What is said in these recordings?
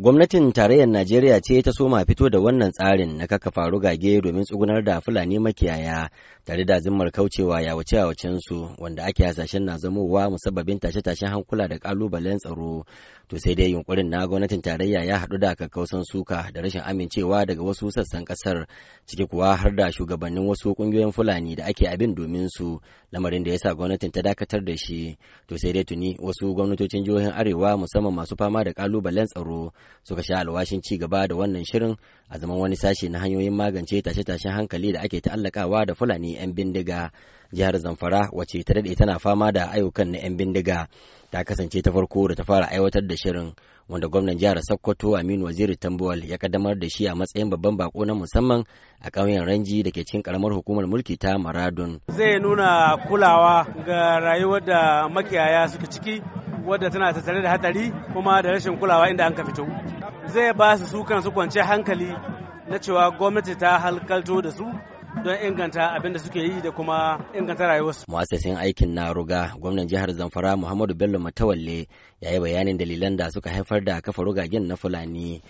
Gwamnatin tarayyar Najeriya ce ta soma fito da wannan tsarin na kaka faru gage domin tsugunar da Fulani makiyaya tare da zimmar kaucewa yawace su, wanda ake hasashen na zamowa musabbabin tashe-tashen hankula da kalubalen tsaro. To sai dai yunkurin na gwamnatin tarayya ya haɗu da kakkausan suka da rashin amincewa daga wasu sassan ƙasar ciki kuwa har da shugabannin wasu ƙungiyoyin Fulani da ake abin domin su lamarin da ya sa gwamnatin ta dakatar da shi. To sai dai tuni wasu gwamnatocin jihohin Arewa musamman masu fama da kalubalen tsaro suka sha alwashin ci gaba da wannan shirin a zaman wani sashe na hanyoyin magance tashe-tashen hankali da ake ta'allakawa da fulani 'yan bindiga jihar zamfara wacce ta daɗe tana fama da ayyukan na 'yan bindiga ta kasance ta farko da ta fara aiwatar da shirin wanda gwamnan jihar sokoto aminu waziri tambuwal ya kaddamar da shi a matsayin babban bako na musamman a ƙauyen ranji da ke cikin ƙaramar hukumar mulki ta maradun zai nuna kulawa ga rayuwar da makiyaya suka ciki wadda tana tattare da hatsari kuma da rashin kulawa inda an ka fito zai ba su su kansu kwanciyar hankali na cewa gwamnati ta halkalto da su don inganta abin da suke yi da kuma inganta rayuwarsu. Muassasin aikin na ruga gwamnan jihar Zamfara Muhammadu Bello Matawalle ya yi bayanin dalilan da suka haifar da kafa rugagen na Fulani.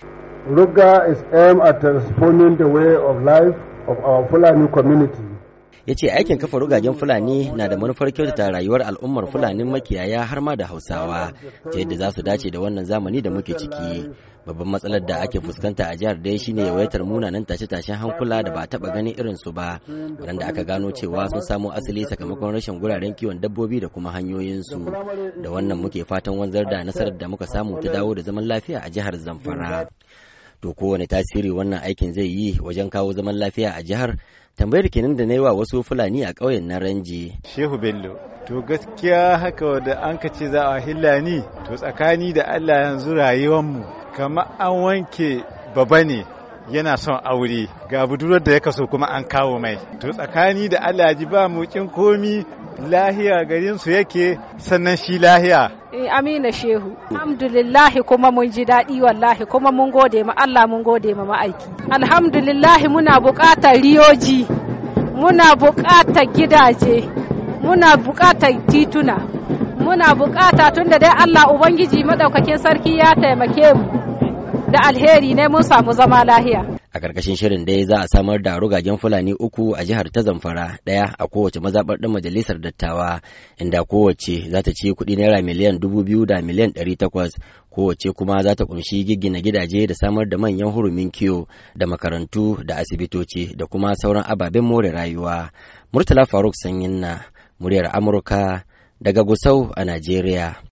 Ruga is aimed at responding the way of life of our Fulani community. ya ce aikin kafa rugagen fulani na da manufar kyautata rayuwar al'ummar fulanin makiyaya har ma da hausawa ta yadda za su dace da wannan zamani da muke ciki babban matsalar da ake fuskanta a jihar dai shine yawaitar munanan tashe-tashen hankula da ba taba ganin irin su ba da aka gano cewa sun samo asali sakamakon rashin guraren kiwon dabbobi da kuma hanyoyin su da wannan muke fatan wanzar da nasarar da muka samu ta dawo da zaman lafiya a jihar zamfara to kowane tasiri wannan aikin zai yi wajen kawo zaman lafiya a jihar tambayar kenan da na yi wa wasu fulani a ƙauyen na ranji shehu bello to gaskiya haka da an ka ce za a hila ni to tsakani da allah yanzu rayuwanmu kama an wanke baba ne yana son aure ga budurwar da ya kaso kuma an kawo mai to tsakani da allah ji ba mu komi lahiya garinsu yake sannan shi lahiya Eh, Amina Shehu. Alhamdulillahi kuma mun ji daɗi wallahi kuma mun gode ma Allah mun gode ma ma'aiki. Alhamdulillahi muna buƙatar riyoji, muna buƙatar gidaje, muna buƙatar tituna, muna buƙata tunda dai Allah Ubangiji maɗaukakin sarki ya taimake mu da alheri ne mun samu zama lahiya. a ƙarƙashin shirin dai za a samar da rugagen fulani uku a jihar ta zamfara ɗaya a kowace mazaɓar ɗan majalisar dattawa inda kowace za ta ci kuɗi naira miliyan dubu biyu da miliyan ɗari takwas kowace kuma za ta ƙunshi giggina gidaje da samar da manyan hurumin kiwo da makarantu da asibitoci da kuma sauran ababen more rayuwa murtala faruk sanyin na muryar amurka daga gusau a najeriya